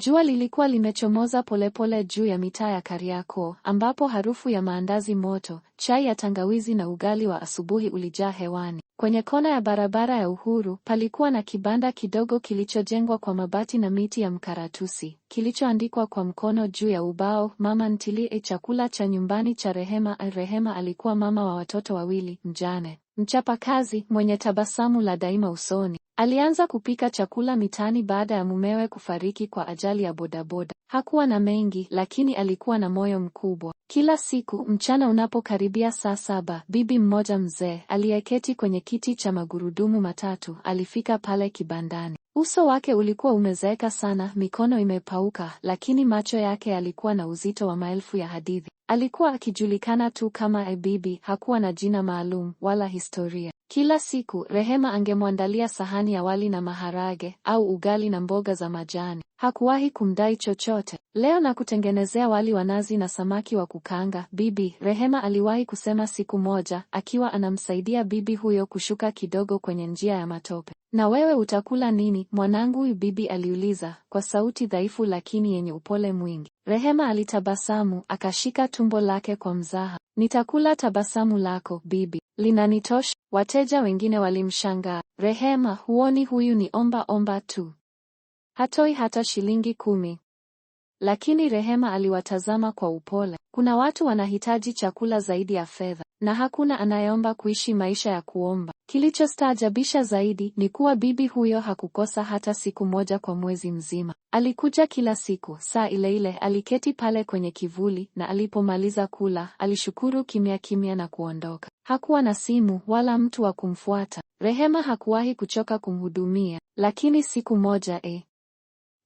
Jua lilikuwa limechomoza polepole juu ya mitaa ya Kariakoo, ambapo harufu ya maandazi moto, chai ya tangawizi na ugali wa asubuhi ulijaa hewani. Kwenye kona ya barabara ya Uhuru palikuwa na kibanda kidogo kilichojengwa kwa mabati na miti ya mkaratusi, kilichoandikwa kwa mkono juu ya ubao, Mama Ntilie, chakula cha nyumbani cha Rehema. Rehema alikuwa mama wa watoto wawili, mjane, mchapakazi, mwenye tabasamu la daima usoni. Alianza kupika chakula mitaani baada ya mumewe kufariki kwa ajali ya bodaboda. Hakuwa na mengi, lakini alikuwa na moyo mkubwa. Kila siku mchana unapokaribia saa saba, bibi mmoja mzee aliyeketi kwenye kiti cha magurudumu matatu alifika pale kibandani. Uso wake ulikuwa umezeeka sana, mikono imepauka, lakini macho yake yalikuwa na uzito wa maelfu ya hadithi. Alikuwa akijulikana tu kama Ebibi, hakuwa na jina maalum wala historia. Kila siku Rehema angemwandalia sahani ya wali na maharage au ugali na mboga za majani. Hakuwahi kumdai chochote. Leo na kutengenezea wali wa nazi na samaki wa kukanga bibi, Rehema aliwahi kusema siku moja, akiwa anamsaidia bibi huyo kushuka kidogo kwenye njia ya matope. Na wewe utakula nini, mwanangu? Bibi aliuliza kwa sauti dhaifu lakini yenye upole mwingi. Rehema alitabasamu, akashika tumbo lake kwa mzaha. Nitakula tabasamu lako bibi, linanitosha. Wateja wengine walimshangaa. Rehema, huoni huyu ni omba omba tu, hatoi hata shilingi kumi. Lakini Rehema aliwatazama kwa upole. Kuna watu wanahitaji chakula zaidi ya fedha, na hakuna anayeomba kuishi maisha ya kuomba. Kilichostaajabisha zaidi ni kuwa bibi huyo hakukosa hata siku moja kwa mwezi mzima. Alikuja kila siku, saa ile ile, aliketi pale kwenye kivuli, na alipomaliza kula, alishukuru kimya kimya na kuondoka. Hakuwa na simu wala mtu wa kumfuata. Rehema hakuwahi kuchoka kumhudumia, lakini siku moja e,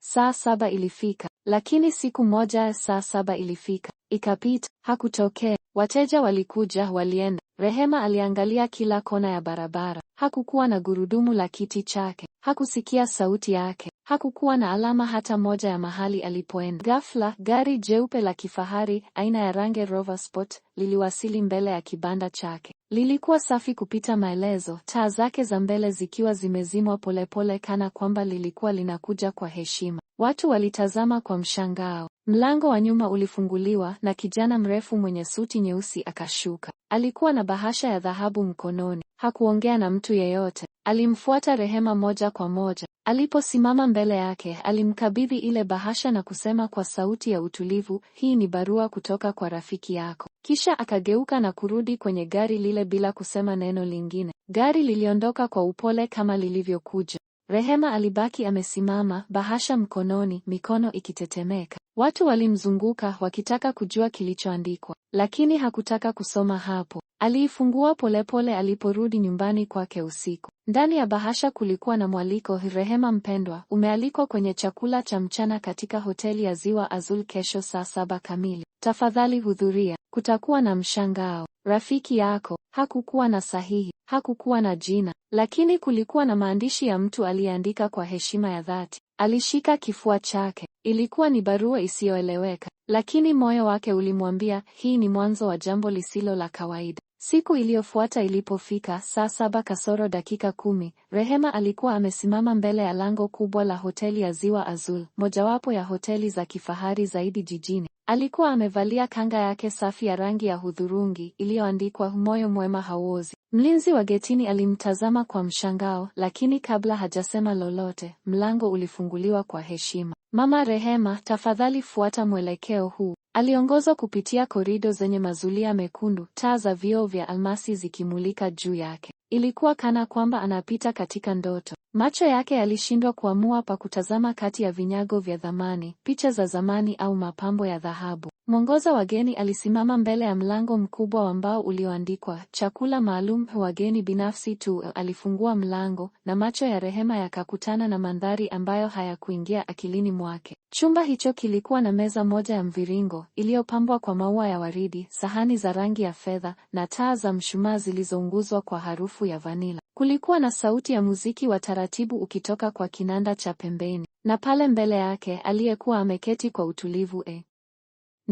saa saba ilifika, lakini siku moja saa saba ilifika, ikapita, hakutokea. Wateja walikuja, walienda. Rehema aliangalia kila kona ya barabara. Hakukuwa na gurudumu la kiti chake, hakusikia sauti yake, hakukuwa na alama hata moja ya mahali alipoenda. Ghafla, gari jeupe la kifahari aina ya Range Rover Sport liliwasili mbele ya kibanda chake. Lilikuwa safi kupita maelezo, taa zake za mbele zikiwa zimezimwa polepole, kana kwamba lilikuwa linakuja kwa heshima. Watu walitazama kwa mshangao. Mlango wa nyuma ulifunguliwa na kijana mrefu mwenye suti nyeusi akashuka. Alikuwa na bahasha ya dhahabu mkononi. Hakuongea na mtu yeyote. Alimfuata Rehema moja kwa moja. Aliposimama mbele yake, alimkabidhi ile bahasha na kusema kwa sauti ya utulivu, "Hii ni barua kutoka kwa rafiki yako." Kisha akageuka na kurudi kwenye gari lile bila kusema neno lingine. Gari liliondoka kwa upole kama lilivyokuja. Rehema alibaki amesimama, bahasha mkononi, mikono ikitetemeka. Watu walimzunguka wakitaka kujua kilichoandikwa, lakini hakutaka kusoma hapo. Aliifungua polepole aliporudi nyumbani kwake usiku. Ndani ya bahasha kulikuwa na mwaliko: Rehema mpendwa, umealikwa kwenye chakula cha mchana katika hoteli ya Ziwa Azul kesho saa saba kamili. Tafadhali hudhuria, kutakuwa na mshangao. Rafiki yako. Hakukuwa na sahihi. Hakukuwa na jina, lakini kulikuwa na maandishi ya mtu aliyeandika kwa heshima ya dhati. Alishika kifua chake. Ilikuwa ni barua isiyoeleweka, lakini moyo wake ulimwambia hii ni mwanzo wa jambo lisilo la kawaida. Siku iliyofuata ilipofika, saa saba kasoro dakika kumi, Rehema alikuwa amesimama mbele ya lango kubwa la hoteli ya Ziwa Azul, mojawapo ya hoteli za kifahari zaidi jijini. Alikuwa amevalia kanga yake safi ya rangi ya hudhurungi iliyoandikwa moyo mwema hauozi. Mlinzi wa getini alimtazama kwa mshangao, lakini kabla hajasema lolote, mlango ulifunguliwa kwa heshima. Mama Rehema, tafadhali fuata mwelekeo huu. Aliongozwa kupitia korido zenye mazulia mekundu, taa za vioo vya almasi zikimulika juu yake. Ilikuwa kana kwamba anapita katika ndoto. Macho yake yalishindwa kuamua pa kutazama kati ya vinyago vya zamani, picha za zamani au mapambo ya dhahabu. Mwongoza wageni alisimama mbele ya mlango mkubwa wa mbao ulioandikwa chakula maalum wageni binafsi tu. Alifungua mlango na macho ya Rehema yakakutana na mandhari ambayo hayakuingia akilini mwake. Chumba hicho kilikuwa na meza moja ya mviringo iliyopambwa kwa maua ya waridi, sahani za rangi ya fedha na taa za mshumaa zilizounguzwa kwa harufu ya vanila. Kulikuwa na sauti ya muziki wa taratibu ukitoka kwa kinanda cha pembeni, na pale mbele yake aliyekuwa ameketi kwa utulivu e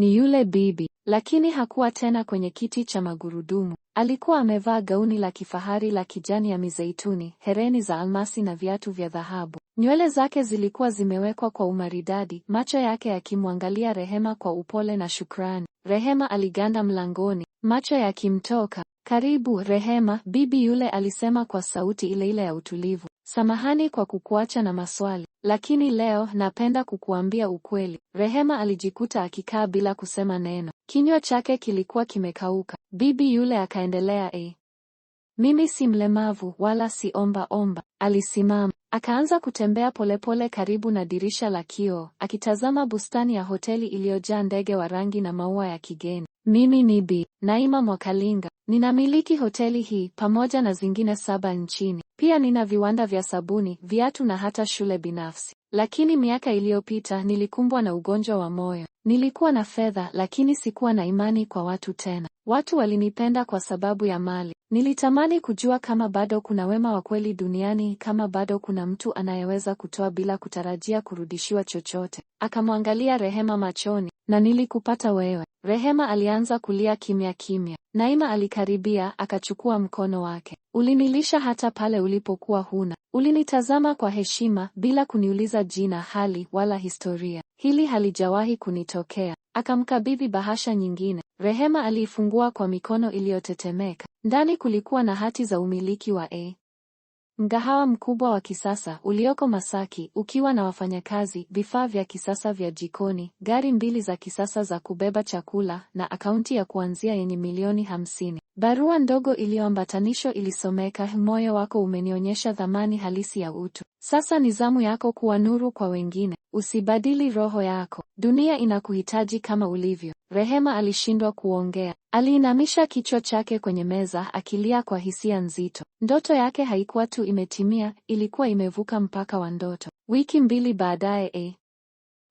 ni yule bibi, lakini hakuwa tena kwenye kiti cha magurudumu. Alikuwa amevaa gauni la kifahari la kijani ya mizeituni, hereni za almasi na viatu vya dhahabu. Nywele zake zilikuwa zimewekwa kwa umaridadi, macho yake yakimwangalia Rehema kwa upole na shukrani. Rehema aliganda mlangoni, macho yakimtoka. Karibu Rehema, bibi yule alisema kwa sauti ile ile ya utulivu. Samahani kwa kukuacha na maswali, lakini leo napenda kukuambia ukweli. Rehema alijikuta akikaa bila kusema neno, kinywa chake kilikuwa kimekauka. Bibi yule akaendelea, e, mimi si mlemavu wala si omba omba. Alisimama akaanza kutembea polepole karibu na dirisha la kioo, akitazama bustani ya hoteli iliyojaa ndege wa rangi na maua ya kigeni. Mimi ni Bi Naima Mwakalinga, ninamiliki hoteli hii pamoja na zingine saba nchini. Pia nina viwanda vya sabuni, viatu na hata shule binafsi. Lakini miaka iliyopita nilikumbwa na ugonjwa wa moyo. Nilikuwa na fedha lakini sikuwa na imani kwa watu tena. Watu walinipenda kwa sababu ya mali. Nilitamani kujua kama bado kuna wema wa kweli duniani, kama bado kuna mtu anayeweza kutoa bila kutarajia kurudishiwa chochote. Akamwangalia Rehema machoni, na nilikupata wewe. Rehema alianza kulia kimya kimya. Naima alikaribia akachukua mkono wake. Ulinilisha hata pale ulipokuwa huna. Ulinitazama kwa heshima bila kuniuliza jina, hali wala historia. Hili halijawahi kunitokea. Akamkabidhi bahasha nyingine. Rehema aliifungua kwa mikono iliyotetemeka. Ndani kulikuwa na hati za umiliki wa A Mgahawa mkubwa wa kisasa ulioko Masaki ukiwa na wafanyakazi, vifaa vya kisasa vya jikoni, gari mbili za kisasa za kubeba chakula na akaunti ya kuanzia yenye milioni hamsini. Barua ndogo iliyoambatanishwa ilisomeka, moyo wako umenionyesha thamani halisi ya utu. Sasa ni zamu yako kuwa nuru kwa wengine. Usibadili roho yako, dunia inakuhitaji kama ulivyo. Rehema alishindwa kuongea, aliinamisha kichwa chake kwenye meza akilia kwa hisia nzito. Ndoto yake haikuwa tu imetimia, ilikuwa imevuka mpaka wa ndoto. Wiki mbili baadaye, eh,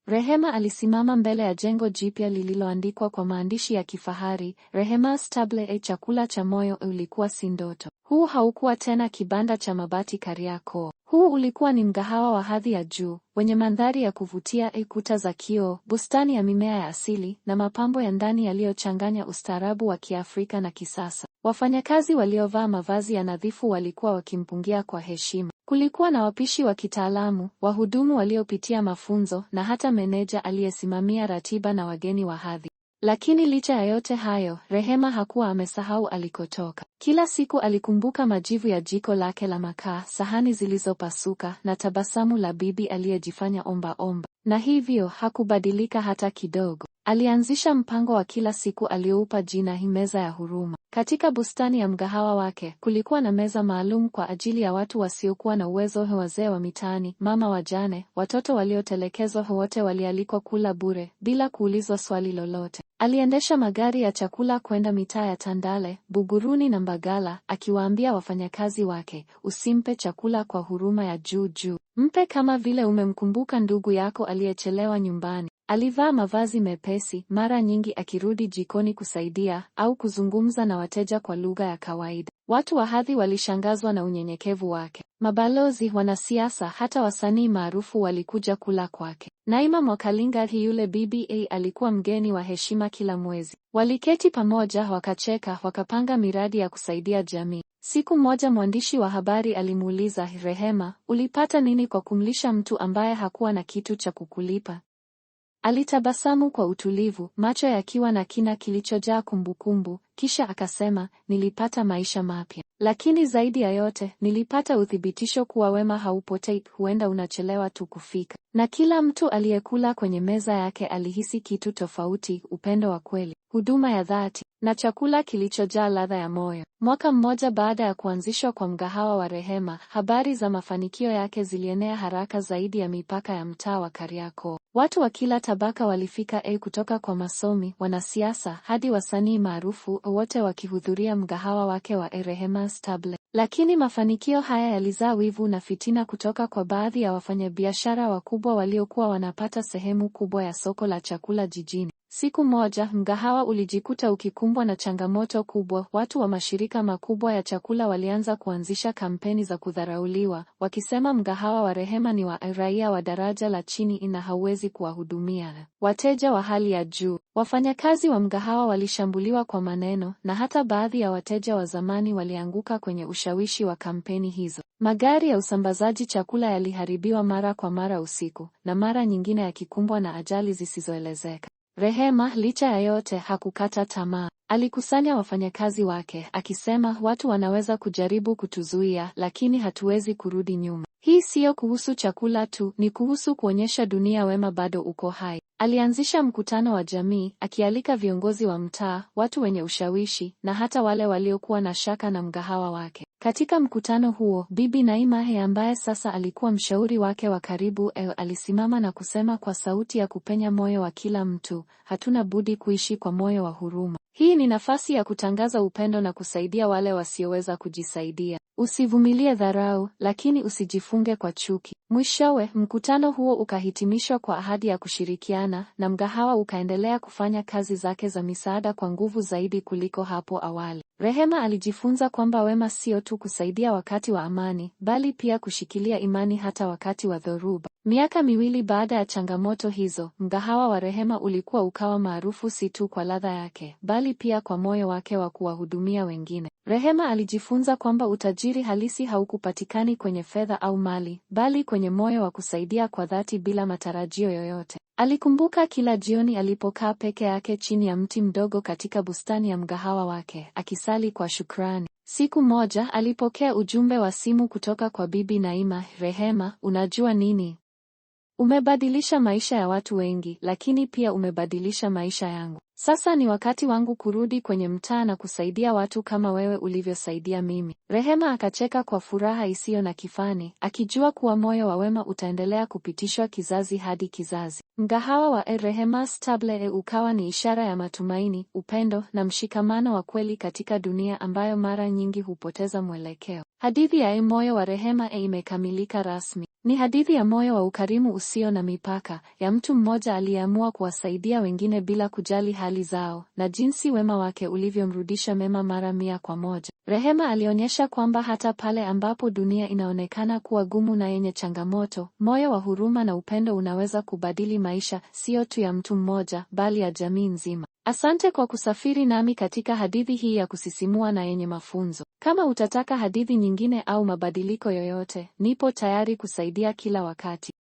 Rehema alisimama mbele ya jengo jipya lililoandikwa kwa maandishi ya kifahari, Rehema's Table e, chakula cha moyo. Ulikuwa si ndoto. Huu haukuwa tena kibanda cha mabati Kariakoo. Huu ulikuwa ni mgahawa wa hadhi ya juu wenye mandhari ya kuvutia, kuta za kioo, bustani ya mimea ya asili na mapambo ya ndani yaliyochanganya ustaarabu wa Kiafrika na kisasa. Wafanyakazi waliovaa mavazi ya nadhifu walikuwa wakimpungia kwa heshima. Kulikuwa na wapishi wa kitaalamu, wahudumu waliopitia mafunzo na hata meneja aliyesimamia ratiba na wageni wa hadhi. Lakini licha ya yote hayo, Rehema hakuwa amesahau alikotoka. Kila siku alikumbuka majivu ya jiko lake la makaa, sahani zilizopasuka na tabasamu la bibi aliyejifanya omba omba na hivyo hakubadilika hata kidogo. Alianzisha mpango wa kila siku aliyoupa jina meza ya huruma. Katika bustani ya mgahawa wake kulikuwa na meza maalum kwa ajili ya watu wasiokuwa na uwezo, wazee wa mitaani, mama wajane, watoto waliotelekezwa. Wote walialikwa kula bure bila kuulizwa swali lolote. Aliendesha magari ya chakula kwenda mitaa ya Tandale, Buguruni na Mbagala, akiwaambia wafanyakazi wake, usimpe chakula kwa huruma ya juu juu, Mpe kama vile umemkumbuka ndugu yako aliyechelewa nyumbani. Alivaa mavazi mepesi, mara nyingi akirudi jikoni kusaidia au kuzungumza na wateja kwa lugha ya kawaida. Watu wa hadhi walishangazwa na unyenyekevu wake. Mabalozi, wanasiasa, hata wasanii maarufu walikuja kula kwake. Naima Mwakalinga, yule BBA, alikuwa mgeni wa heshima kila mwezi. Waliketi pamoja, wakacheka, wakapanga miradi ya kusaidia jamii. Siku moja mwandishi wa habari alimuuliza Rehema, ulipata nini kwa kumlisha mtu ambaye hakuwa na kitu cha kukulipa? Alitabasamu kwa utulivu, macho yakiwa na kina kilichojaa kumbukumbu, kisha akasema, nilipata maisha mapya. Lakini zaidi ya yote, nilipata uthibitisho kuwa wema haupotei, huenda unachelewa tu kufika na kila mtu aliyekula kwenye meza yake alihisi kitu tofauti: upendo wa kweli, huduma ya dhati na chakula kilichojaa ladha ya moyo. Mwaka mmoja baada ya kuanzishwa kwa mgahawa wa Rehema, habari za mafanikio yake zilienea haraka zaidi ya mipaka ya mtaa wa Kariakoo. Watu wa kila tabaka walifika e, kutoka kwa masomi, wanasiasa hadi wasanii maarufu, wote wakihudhuria mgahawa wake wa Rehema's Table. Lakini mafanikio haya yalizaa wivu na fitina kutoka kwa baadhi ya wafanyabiashara wakubwa waliokuwa wanapata sehemu kubwa ya soko la chakula jijini. Siku moja mgahawa ulijikuta ukikumbwa na changamoto kubwa. Watu wa mashirika makubwa ya chakula walianza kuanzisha kampeni za kudharauliwa, wakisema mgahawa wa Rehema ni wa raia wa daraja la chini na hauwezi kuwahudumia wateja wa hali ya juu. Wafanyakazi wa mgahawa walishambuliwa kwa maneno na hata baadhi ya wateja wa zamani walianguka kwenye ushawishi wa kampeni hizo. Magari ya usambazaji chakula yaliharibiwa mara kwa mara usiku na mara nyingine yakikumbwa na ajali zisizoelezeka. Rehema licha ya yote hakukata tamaa. Alikusanya wafanyakazi wake akisema, watu wanaweza kujaribu kutuzuia, lakini hatuwezi kurudi nyuma. Hii siyo kuhusu chakula tu, ni kuhusu kuonyesha dunia wema bado uko hai. Alianzisha mkutano wa jamii akialika viongozi wa mtaa, watu wenye ushawishi na hata wale waliokuwa na shaka na mgahawa wake. Katika mkutano huo, Bibi Naimahe ambaye sasa alikuwa mshauri wake wa karibu El, eh, alisimama na kusema kwa sauti ya kupenya moyo wa kila mtu, hatuna budi kuishi kwa moyo wa huruma. Hii ni nafasi ya kutangaza upendo na kusaidia wale wasioweza kujisaidia. Usivumilie dharau, lakini usijifunge kwa chuki. Mwishowe, mkutano huo ukahitimishwa kwa ahadi ya kushirikiana na mgahawa ukaendelea kufanya kazi zake za misaada kwa nguvu zaidi kuliko hapo awali. Rehema alijifunza kwamba wema sio tu kusaidia wakati wa amani, bali pia kushikilia imani hata wakati wa dhoruba. Miaka miwili baada ya changamoto hizo, mgahawa wa Rehema ulikuwa ukawa maarufu si tu kwa ladha yake, bali pia kwa moyo wake wa kuwahudumia wengine. Rehema alijifunza kwamba utajiri halisi haukupatikani kwenye fedha au mali, bali kwenye moyo wa kusaidia kwa dhati bila matarajio yoyote. Alikumbuka kila jioni alipokaa peke yake chini ya mti mdogo katika bustani ya mgahawa wake, akisali kwa shukrani. Siku moja alipokea ujumbe wa simu kutoka kwa Bibi Naima, Rehema, unajua nini? Umebadilisha maisha ya watu wengi, lakini pia umebadilisha maisha yangu. Sasa ni wakati wangu kurudi kwenye mtaa na kusaidia watu kama wewe ulivyosaidia mimi. Rehema akacheka kwa furaha isiyo na kifani, akijua kuwa moyo wa wema utaendelea kupitishwa kizazi hadi kizazi. Mgahawa wa e Rehema's Table e ukawa ni ishara ya matumaini, upendo na mshikamano wa kweli katika dunia ambayo mara nyingi hupoteza mwelekeo. Hadithi ya e moyo wa rehema e imekamilika rasmi. Ni hadithi ya moyo wa ukarimu usio na mipaka, ya mtu mmoja aliyeamua kuwasaidia wengine bila kujali hali hali zao na jinsi wema wake ulivyomrudisha mema mara mia kwa moja. Rehema alionyesha kwamba hata pale ambapo dunia inaonekana kuwa gumu na yenye changamoto, moyo wa huruma na upendo unaweza kubadili maisha, siyo tu ya mtu mmoja, bali ya jamii nzima. Asante kwa kusafiri nami katika hadithi hii ya kusisimua na yenye mafunzo. Kama utataka hadithi nyingine au mabadiliko yoyote, nipo tayari kusaidia kila wakati.